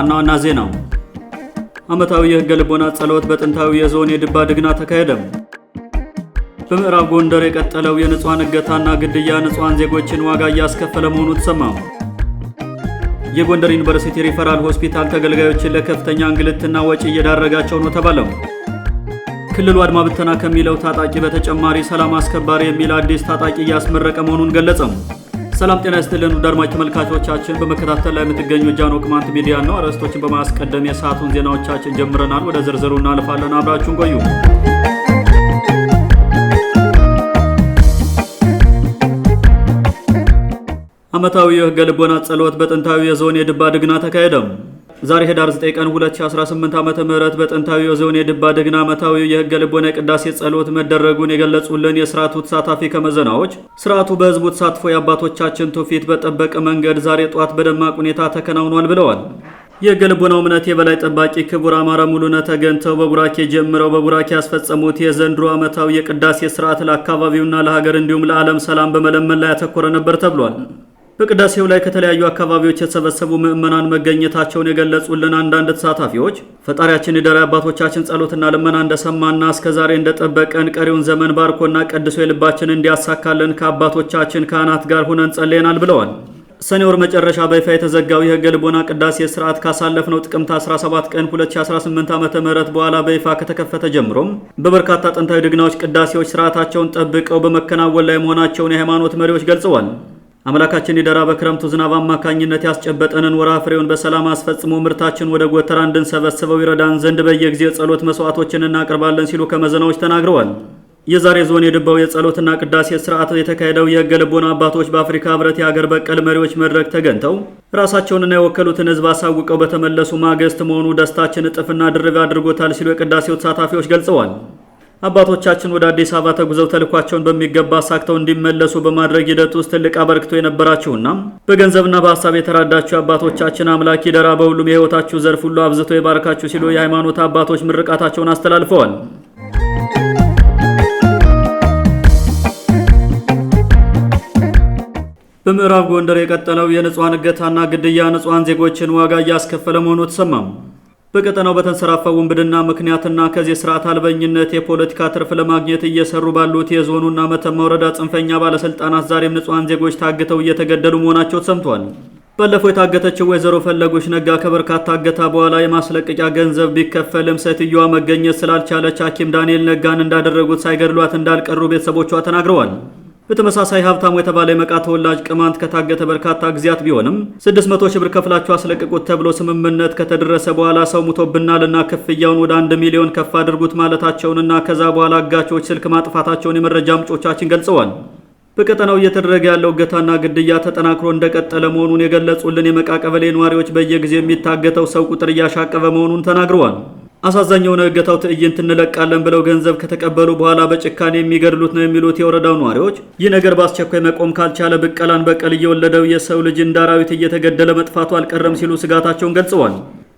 ዋና ዋና ዜናው ዓመታዊ የሕገ ልቦና ጸሎት በጥንታዊ የዞን የድባ ድግና ተካሄደም። በምዕራብ ጎንደር የቀጠለው የንጹሐን እገታና ግድያ ንጹሐን ዜጎችን ዋጋ እያስከፈለ መሆኑ ተሰማም። የጎንደር ዩኒቨርሲቲ ሪፈራል ሆስፒታል ተገልጋዮችን ለከፍተኛ እንግልትና ወጪ እየዳረጋቸው ነው ተባለም። ክልሉ አድማ ብተና ከሚለው ታጣቂ በተጨማሪ ሰላም አስከባሪ የሚል አዲስ ታጣቂ እያስመረቀ መሆኑን ገለጸም። ሰላም ጤና ይስጥልን ውድ አድማጭ ተመልካቾቻችን፣ በመከታተል ላይ የምትገኙ ጃኖ ቅማንት ሚዲያ ነው። አርዕስቶችን በማስቀደም የሰዓቱን ዜናዎቻችን ጀምረናል። ወደ ዝርዝሩ እናልፋለን። አብራችሁን ቆዩ። ዓመታዊ የህገ ልቦና ጸሎት በጥንታዊ የዞን የድባ ድግና ተካሄደም። ዛሬ ህዳር 9 ቀን 2018 ዓመተ ምህረት በጥንታዊ የዞን የድባ ደግና ዓመታዊ የህገ ልቦና ቅዳሴ ጸሎት መደረጉን የገለጹልን የስርዓቱ ተሳታፊ ከመዘናዎች ስርዓቱ በህዝቡ ተሳትፎ የአባቶቻችን ትውፊት በጠበቀ መንገድ ዛሬ ጧት በደማቅ ሁኔታ ተከናውኗል ብለዋል። ልቦናው እምነት የበላይ ጠባቂ ክቡር አማራ ሙሉነህ ተገኝተው በቡራኬ ጀምረው በቡራኬ ያስፈጸሙት የዘንድሮ ዓመታዊ የቅዳሴ ስርዓት ለአካባቢውና ለሀገር እንዲሁም ለዓለም ሰላም በመለመን ላይ ያተኮረ ነበር ተብሏል። በቅዳሴው ላይ ከተለያዩ አካባቢዎች የተሰበሰቡ ምዕመናን መገኘታቸውን የገለጹልን አንዳንድ ተሳታፊዎች ፈጣሪያችን የደራ አባቶቻችን ጸሎትና ልመና እንደሰማና እስከዛሬ እንደጠበቀን ቀሪውን ዘመን ባርኮና ቀድሶ የልባችን እንዲያሳካልን ከአባቶቻችን ካህናት ጋር ሁነን ጸልየናል ብለዋል። ሰኔ ወር መጨረሻ በይፋ የተዘጋው የህገ ልቦና ቅዳሴ ስርዓት ካሳለፍነው ጥቅምት 17 ቀን 2018 ዓ.ም በኋላ በይፋ ከተከፈተ ጀምሮም በበርካታ ጥንታዊ ድግናዎች ቅዳሴዎች ስርዓታቸውን ጠብቀው በመከናወን ላይ መሆናቸውን የሃይማኖት መሪዎች ገልጸዋል። አምላካችን ይደራ በክረምቱ ዝናብ አማካኝነት ያስጨበጠንን ወራ ፍሬውን በሰላም አስፈጽሞ ምርታችን ወደ ጎተራ እንድንሰበስበው ይረዳን ዘንድ በየጊዜ ጸሎት መስዋዕቶችን እናቀርባለን ሲሉ ከመዘናዎች ተናግረዋል። የዛሬ ዞን የድባው የጸሎትና ቅዳሴ ስርዓት የተካሄደው የህገ ልቦና አባቶች በአፍሪካ ህብረት የአገር በቀል መሪዎች መድረክ ተገኝተው ራሳቸውንና የወከሉትን ህዝብ አሳውቀው በተመለሱ ማግስት መሆኑ ደስታችን እጥፍና ድርብ አድርጎታል ሲሉ የቅዳሴው ተሳታፊዎች ገልጸዋል። አባቶቻችን ወደ አዲስ አበባ ተጉዘው ተልኳቸውን በሚገባ አሳክተው እንዲመለሱ በማድረግ ሂደት ውስጥ ትልቅ አበርክቶ የነበራችሁና በገንዘብና በሀሳብ የተራዳችሁ አባቶቻችን አምላክ ይደራ፣ በሁሉም የህይወታችሁ ዘርፍ ሁሉ አብዝቶ የባርካችሁ ሲሉ የሃይማኖት አባቶች ምርቃታቸውን አስተላልፈዋል። በምዕራብ ጎንደር የቀጠለው የንጹሐን እገታና ግድያ ንጹሐን ዜጎችን ዋጋ እያስከፈለ መሆኑ ተሰማም። በቀጠናው በተንሰራፋው ውንብድና ምክንያትና ከዚህ ስርዓት አልበኝነት የፖለቲካ ትርፍ ለማግኘት እየሰሩ ባሉት የዞኑና መተማ ወረዳ ጽንፈኛ ባለስልጣናት ዛሬም ንጹሐን ዜጎች ታግተው እየተገደሉ መሆናቸው ተሰምቷል። ባለፈው የታገተችው ወይዘሮ ፈለጎች ነጋ ከበርካታ እገታ በኋላ የማስለቀቂያ ገንዘብ ቢከፈልም ሴትዮዋ መገኘት ስላልቻለች ሐኪም ዳንኤል ነጋን እንዳደረጉት ሳይገድሏት እንዳልቀሩ ቤተሰቦቿ ተናግረዋል። በተመሳሳይ ሀብታሙ የተባለ የመቃ ተወላጅ ቅማንት ከታገተ በርካታ ጊዜያት ቢሆንም 600 ሺህ ብር ከፍላችሁ አስለቅቁት ተብሎ ስምምነት ከተደረሰ በኋላ ሰው ሙቶብናልና ክፍያውን ወደ አንድ ሚሊዮን ከፍ አድርጉት ማለታቸውንና ከዛ በኋላ አጋቾች ስልክ ማጥፋታቸውን የመረጃ ምንጮቻችን ገልጸዋል። በቀጠናው እየተደረገ ያለው እገታና ግድያ ተጠናክሮ እንደቀጠለ መሆኑን የገለጹልን የመቃ ቀበሌ ነዋሪዎች በየጊዜው የሚታገተው ሰው ቁጥር እያሻቀበ መሆኑን ተናግረዋል። አሳዛኛውን እገታው ትዕይንት እንለቃለን ብለው ገንዘብ ከተቀበሉ በኋላ በጭካኔ የሚገድሉት ነው የሚሉት የወረዳው ነዋሪዎች፣ ይህ ነገር በአስቸኳይ መቆም ካልቻለ ብቀላን በቀል እየወለደው የሰው ልጅ እንደ አራዊት እየተገደለ መጥፋቱ አልቀረም ሲሉ ስጋታቸውን ገልጸዋል።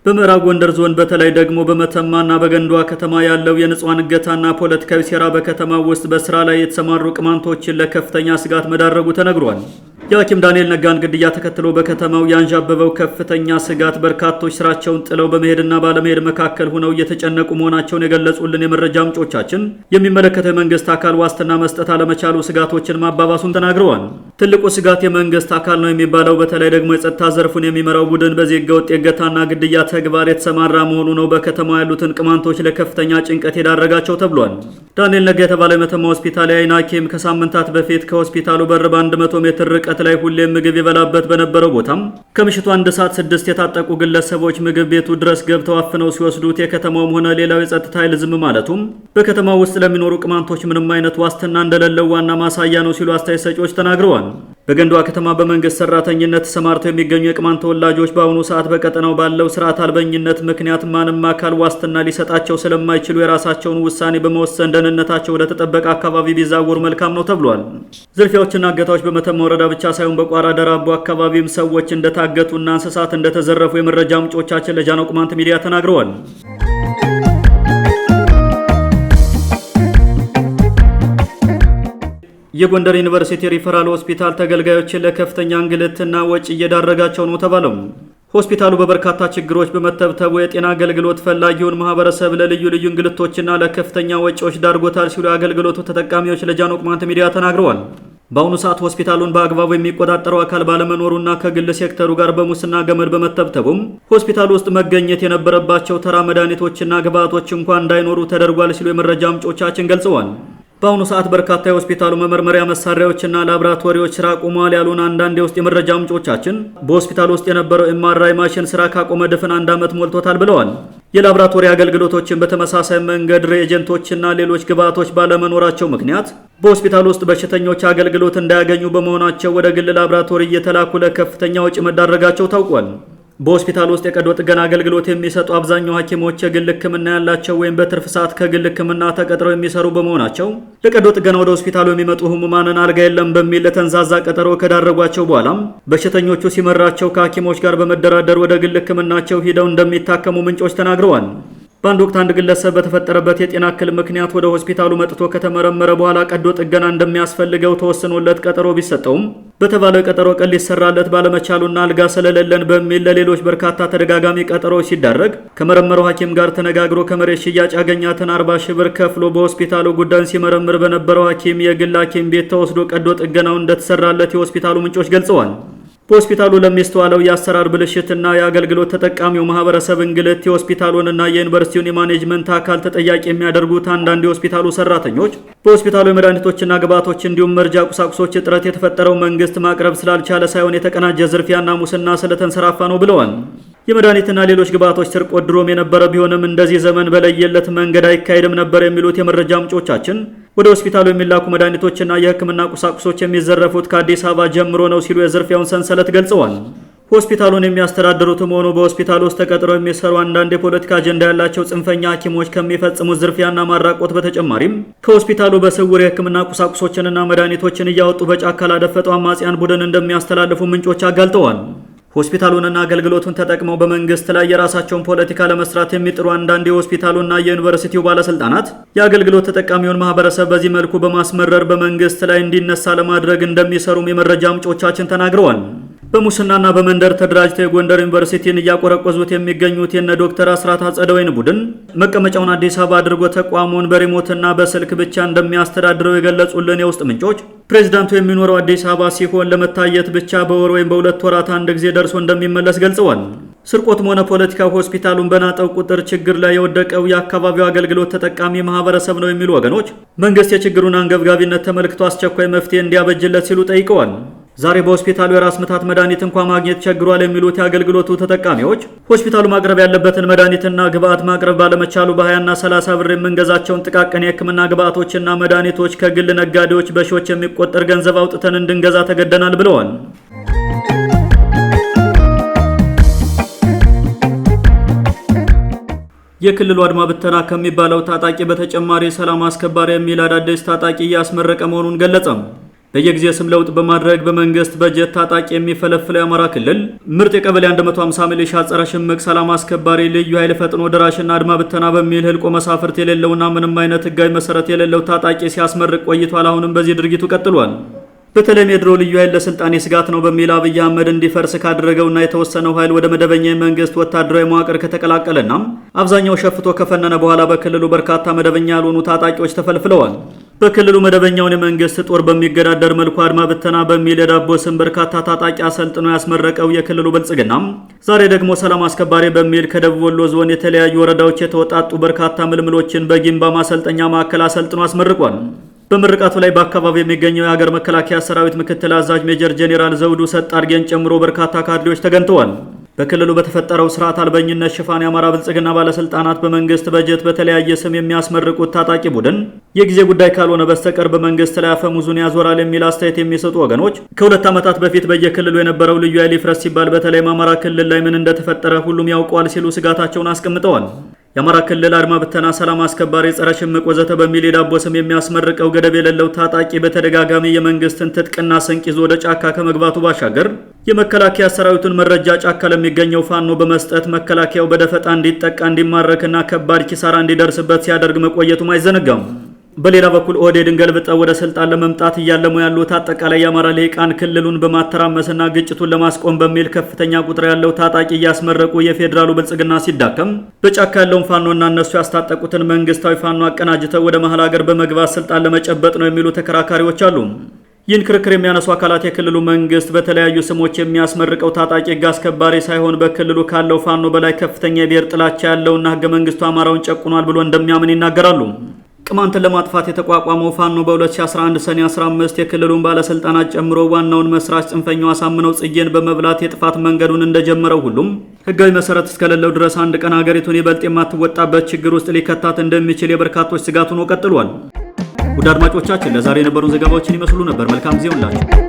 በምዕራብ ጎንደር ዞን በተለይ ደግሞ በመተማና በገንዷ ከተማ ያለው የንጹሃን እገታና ፖለቲካዊ ሴራ በከተማ ውስጥ በስራ ላይ የተሰማሩ ቅማንቶችን ለከፍተኛ ስጋት መዳረጉ ተነግሯል። የሐኪም ዳንኤል ነጋን ግድያ ተከትሎ በከተማው ያንዣበበው ከፍተኛ ስጋት በርካቶች ስራቸውን ጥለው በመሄድና ባለመሄድ መካከል ሆነው እየተጨነቁ መሆናቸውን የገለጹልን የመረጃ ምንጮቻችን የሚመለከተው የመንግስት አካል ዋስትና መስጠት አለመቻሉ ስጋቶችን ማባባሱን ተናግረዋል። ትልቁ ስጋት የመንግስት አካል ነው የሚባለው በተለይ ደግሞ የጸጥታ ዘርፉን የሚመራው ቡድን በዚህ ህገወጥ የእገታና ግድያ ተግባር የተሰማራ መሆኑ ነው በከተማ ያሉትን ቅማንቶች ለከፍተኛ ጭንቀት የዳረጋቸው ተብሏል። ዳንኤል ነጋ የተባለው የመተማ ሆስፒታል የአይን ሐኪም ከሳምንታት በፊት ከሆስፒታሉ በር በ100 ሜትር ርቀ ርቀት ላይ ሁሌም ምግብ ይበላበት በነበረው ቦታም ከምሽቱ አንድ ሰዓት ስድስት የታጠቁ ግለሰቦች ምግብ ቤቱ ድረስ ገብተው አፍነው ሲወስዱት የከተማውም ሆነ ሌላው የጸጥታ ኃይል ዝም ማለቱም በከተማው ውስጥ ለሚኖሩ ቅማንቶች ምንም አይነት ዋስትና እንደሌለው ዋና ማሳያ ነው ሲሉ አስተያየት ሰጪዎች ተናግረዋል። በገንዷ ከተማ በመንግስት ሰራተኝነት ተሰማርተው የሚገኙ የቅማንት ተወላጆች በአሁኑ ሰዓት በቀጠናው ባለው ስርዓት አልበኝነት ምክንያት ማንም አካል ዋስትና ሊሰጣቸው ስለማይችሉ የራሳቸውን ውሳኔ በመወሰን ደህንነታቸው ወደ ተጠበቀ አካባቢ ቢዛወሩ መልካም ነው ተብሏል። ዝርፊያዎችና እገታዎች በመተማ ወረዳ ብቻ ሳይሆን በቋራ ደራቦ አካባቢም ሰዎች እንደታገቱና እንስሳት እንደተዘረፉ የመረጃ ምንጮቻችን ለጃኖ ቅማንት ሚዲያ ተናግረዋል። የጎንደር ዩኒቨርሲቲ ሪፈራል ሆስፒታል ተገልጋዮችን ለከፍተኛ እንግልትና ወጪ እየዳረጋቸው ነው ተባለው። ሆስፒታሉ በበርካታ ችግሮች በመተብተቡ የጤና አገልግሎት ፈላጊውን ማህበረሰብ ለልዩ ልዩ እንግልቶችና ለከፍተኛ ወጪዎች ዳርጎታል ሲሉ የአገልግሎቱ ተጠቃሚዎች ለጃኖ ቁማንት ሚዲያ ተናግረዋል። በአሁኑ ሰዓት ሆስፒታሉን በአግባቡ የሚቆጣጠረው አካል ባለመኖሩና ከግል ሴክተሩ ጋር በሙስና ገመድ በመተብተቡም ሆስፒታሉ ውስጥ መገኘት የነበረባቸው ተራ መድኃኒቶችና ግብዓቶች እንኳን እንዳይኖሩ ተደርጓል ሲሉ የመረጃ ምንጮቻችን ገልጸዋል። በአሁኑ ሰዓት በርካታ የሆስፒታሉ መመርመሪያ መሳሪያዎችና ላብራቶሪዎች ስራ ቆመዋል ያሉን አንዳንድ የውስጥ የመረጃ ምንጮቻችን በሆስፒታል ውስጥ የነበረው ኤምአርአይ ማሽን ስራ ካቆመ ድፍን አንድ ዓመት ሞልቶታል ብለዋል። የላብራቶሪ አገልግሎቶችን በተመሳሳይ መንገድ ሬጀንቶችና ሌሎች ግብአቶች ባለመኖራቸው ምክንያት በሆስፒታል ውስጥ በሽተኞች አገልግሎት እንዳያገኙ በመሆናቸው ወደ ግል ላብራቶሪ እየተላኩ ለከፍተኛ ወጪ መዳረጋቸው ታውቋል። በሆስፒታል ውስጥ የቀዶ ጥገና አገልግሎት የሚሰጡ አብዛኛው ሐኪሞች የግል ሕክምና ያላቸው ወይም በትርፍ ሰዓት ከግል ሕክምና ተቀጥረው የሚሰሩ በመሆናቸው ለቀዶ ጥገና ወደ ሆስፒታሉ የሚመጡ ህሙማንን አልጋ የለም በሚል ለተንዛዛ ቀጠሮ ከዳረጓቸው በኋላም በሽተኞቹ ሲመራቸው ከሐኪሞች ጋር በመደራደር ወደ ግል ሕክምናቸው ሂደው እንደሚታከሙ ምንጮች ተናግረዋል። በአንድ ወቅት አንድ ግለሰብ በተፈጠረበት የጤና እክል ምክንያት ወደ ሆስፒታሉ መጥቶ ከተመረመረ በኋላ ቀዶ ጥገና እንደሚያስፈልገው ተወስኖለት ቀጠሮ ቢሰጠውም በተባለ ቀጠሮ ቀን ሊሰራለት ባለመቻሉና አልጋ ስለሌለን በሚል ለሌሎች በርካታ ተደጋጋሚ ቀጠሮዎች ሲዳረግ ከመረመረው ሐኪም ጋር ተነጋግሮ ከመሬት ሽያጭ ያገኛትን 40 ሺህ ብር ከፍሎ በሆስፒታሉ ጉዳዩን ሲመረምር በነበረው ሐኪም የግል ሐኪም ቤት ተወስዶ ቀዶ ጥገናው እንደተሰራለት የሆስፒታሉ ምንጮች ገልጸዋል። በሆስፒታሉ ለሚስተዋለው የአሰራር ብልሽትና የአገልግሎት ተጠቃሚው ማህበረሰብ እንግልት የሆስፒታሉንና የዩኒቨርሲቲውን የማኔጅመንት አካል ተጠያቂ የሚያደርጉት አንዳንድ የሆስፒታሉ ሰራተኞች በሆስፒታሉ የመድኃኒቶችና ግብዓቶች እንዲሁም መርጃ ቁሳቁሶች እጥረት የተፈጠረው መንግስት ማቅረብ ስላልቻለ ሳይሆን የተቀናጀ ዝርፊያና ሙስና ስለተንሰራፋ ነው ብለዋል። የመድኃኒትና ሌሎች ግብዓቶች ስርቆት ድሮም የነበረ ቢሆንም እንደዚህ ዘመን በለየለት መንገድ አይካሄድም ነበር የሚሉት የመረጃ ምንጮቻችን ወደ ሆስፒታሉ የሚላኩ መድኃኒቶችና የሕክምና ቁሳቁሶች የሚዘረፉት ከአዲስ አበባ ጀምሮ ነው ሲሉ የዝርፊያውን ሰንሰለት ገልጸዋል። ሆስፒታሉን የሚያስተዳድሩትም ሆኑ በሆስፒታሉ ውስጥ ተቀጥረው የሚሰሩ አንዳንድ የፖለቲካ አጀንዳ ያላቸው ጽንፈኛ ሐኪሞች ከሚፈጽሙት ዝርፊያና ማራቆት በተጨማሪም ከሆስፒታሉ በስውር የህክምና ቁሳቁሶችንና መድኃኒቶችን እያወጡ በጫካ ላደፈጠው አማጽያን ቡድን እንደሚያስተላልፉ ምንጮች አጋልጠዋል። ሆስፒታሉንና አገልግሎቱን ተጠቅመው በመንግስት ላይ የራሳቸውን ፖለቲካ ለመስራት የሚጥሩ አንዳንድ የሆስፒታሉና የዩኒቨርሲቲው ባለስልጣናት የአገልግሎት ተጠቃሚውን ማህበረሰብ በዚህ መልኩ በማስመረር በመንግስት ላይ እንዲነሳ ለማድረግ እንደሚሰሩም የመረጃ ምንጮቻችን ተናግረዋል። በሙስናና በመንደር ተደራጅተው የጎንደር ዩኒቨርሲቲን እያቆረቆዙት የሚገኙት የነ ዶክተር አስራት አጸደወይን ቡድን መቀመጫውን አዲስ አበባ አድርጎ ተቋሙን በሪሞትና በስልክ ብቻ እንደሚያስተዳድረው የገለጹልን የውስጥ ምንጮች ፕሬዚዳንቱ የሚኖረው አዲስ አበባ ሲሆን ለመታየት ብቻ በወር ወይም በሁለት ወራት አንድ ጊዜ ደርሶ እንደሚመለስ ገልጸዋል። ስርቆትም ሆነ ፖለቲካ ሆስፒታሉን በናጠው ቁጥር ችግር ላይ የወደቀው የአካባቢው አገልግሎት ተጠቃሚ ማህበረሰብ ነው የሚሉ ወገኖች መንግስት የችግሩን አንገብጋቢነት ተመልክቶ አስቸኳይ መፍትሄ እንዲያበጅለት ሲሉ ጠይቀዋል። ዛሬ በሆስፒታሉ የራስ ምታት መድኃኒት እንኳ ማግኘት ቸግሯል የሚሉት የአገልግሎቱ ተጠቃሚዎች ሆስፒታሉ ማቅረብ ያለበትን መድኃኒትና ግብአት ማቅረብ ባለመቻሉ በ20ና 30 ብር የምንገዛቸውን ጥቃቅን የሕክምና ግብአቶችና መድኃኒቶች ከግል ነጋዴዎች በሺዎች የሚቆጠር ገንዘብ አውጥተን እንድንገዛ ተገደናል ብለዋል። የክልሉ አድማ ብተና ከሚባለው ታጣቂ በተጨማሪ ሰላም አስከባሪ የሚል አዳዲስ ታጣቂ እያስመረቀ መሆኑን ገለጸም። በየጊዜ ስም ለውጥ በማድረግ በመንግስት በጀት ታጣቂ የሚፈለፍለው የአማራ ክልል ምርጥ የቀበሌ 150 ሚሊሻ ጸረ ሽምቅ ሰላም አስከባሪ ልዩ ኃይል ፈጥኖ ደራሽና አድማ ብተና በሚል ህልቆ መሳፍርት የሌለውና ምንም አይነት ህጋዊ መሰረት የሌለው ታጣቂ ሲያስመርቅ ቆይቷል። አሁንም በዚህ ድርጊቱ ቀጥሏል። በተለይም የድሮ ልዩ ኃይል ለስልጣኔ ስጋት ነው በሚል አብይ አህመድ እንዲፈርስ ካደረገውና የተወሰነው ኃይል ወደ መደበኛ የመንግስት ወታደራዊ መዋቅር ከተቀላቀለና አብዛኛው ሸፍቶ ከፈነነ በኋላ በክልሉ በርካታ መደበኛ ያልሆኑ ታጣቂዎች ተፈልፍለዋል። በክልሉ መደበኛውን የመንግስት ጦር በሚገዳደር መልኩ አድማ ብተና በሚል የዳቦ ስም በርካታ ታጣቂ አሰልጥኖ ያስመረቀው የክልሉ ብልጽግና ዛሬ ደግሞ ሰላም አስከባሪ በሚል ከደቡብ ወሎ ዞን የተለያዩ ወረዳዎች የተወጣጡ በርካታ ምልምሎችን በጊንባ ማሰልጠኛ ማዕከል አሰልጥኖ አስመርቋል። በምርቃቱ ላይ በአካባቢው የሚገኘው የሀገር መከላከያ ሰራዊት ምክትል አዛዥ ሜጀር ጄኔራል ዘውዱ ሰጥ አድጌን ጨምሮ በርካታ ካድሬዎች ተገኝተዋል። በክልሉ በተፈጠረው ስርዓት አልበኝነት ሽፋን የአማራ ብልጽግና ባለስልጣናት በመንግስት በጀት በተለያየ ስም የሚያስመርቁት ታጣቂ ቡድን የጊዜ ጉዳይ ካልሆነ በስተቀር በመንግስት ላይ አፈሙዙን ያዞራል የሚል አስተያየት የሚሰጡ ወገኖች ከሁለት ዓመታት በፊት በየክልሉ የነበረው ልዩ ኃይል ይፍረስ ሲባል በተለይም አማራ ክልል ላይ ምን እንደተፈጠረ ሁሉም ያውቀዋል ሲሉ ስጋታቸውን አስቀምጠዋል። የአማራ ክልል አድማ ብተና፣ ሰላም አስከባሪ፣ ጸረ ሽምቅ ወዘተ በሚል የዳቦ ስም የሚያስመርቀው ገደብ የሌለው ታጣቂ በተደጋጋሚ የመንግስትን ትጥቅና ስንቅ ይዞ ወደ ጫካ ከመግባቱ ባሻገር የመከላከያ ሰራዊቱን መረጃ ጫካ ለሚገኘው ፋኖ በመስጠት መከላከያው በደፈጣ እንዲጠቃ እንዲማረክና ከባድ ኪሳራ እንዲደርስበት ሲያደርግ መቆየቱም አይዘነጋም። በሌላ በኩል ኦህዴድን ገልብጠው ወደ ስልጣን ለመምጣት እያለሙ ያሉት አጠቃላይ የአማራ ልሂቃን ክልሉን በማተራመስና ግጭቱን ለማስቆም በሚል ከፍተኛ ቁጥር ያለው ታጣቂ እያስመረቁ የፌዴራሉ ብልጽግና ሲዳከም በጫካ ያለውን ፋኖና እነሱ ያስታጠቁትን መንግስታዊ ፋኖ አቀናጅተው ወደ መሀል ሀገር በመግባት ስልጣን ለመጨበጥ ነው የሚሉ ተከራካሪዎች አሉ። ይህን ክርክር የሚያነሱ አካላት የክልሉ መንግስት በተለያዩ ስሞች የሚያስመርቀው ታጣቂ ህግ አስከባሪ ሳይሆን በክልሉ ካለው ፋኖ በላይ ከፍተኛ የብሔር ጥላቻ ያለውና ህገ መንግስቱ አማራውን ጨቁኗል ብሎ እንደሚያምን ይናገራሉ። ቅማንትን ለማጥፋት የተቋቋመው ፋኖ በ2011 ሰኔ 15 የክልሉን ባለስልጣናት ጨምሮ ዋናውን መስራች ጽንፈኛው አሳምነው ጽጌን በመብላት የጥፋት መንገዱን እንደጀመረው ሁሉም ህጋዊ መሰረት እስከሌለው ድረስ አንድ ቀን ሀገሪቱን ይበልጥ የማትወጣበት ችግር ውስጥ ሊከታት እንደሚችል የበርካቶች ስጋት ሆኖ ቀጥሏል። ውድ አድማጮቻችን ለዛሬ የነበሩን ዘገባዎችን ይመስሉ ነበር። መልካም ጊዜ ሁላችሁ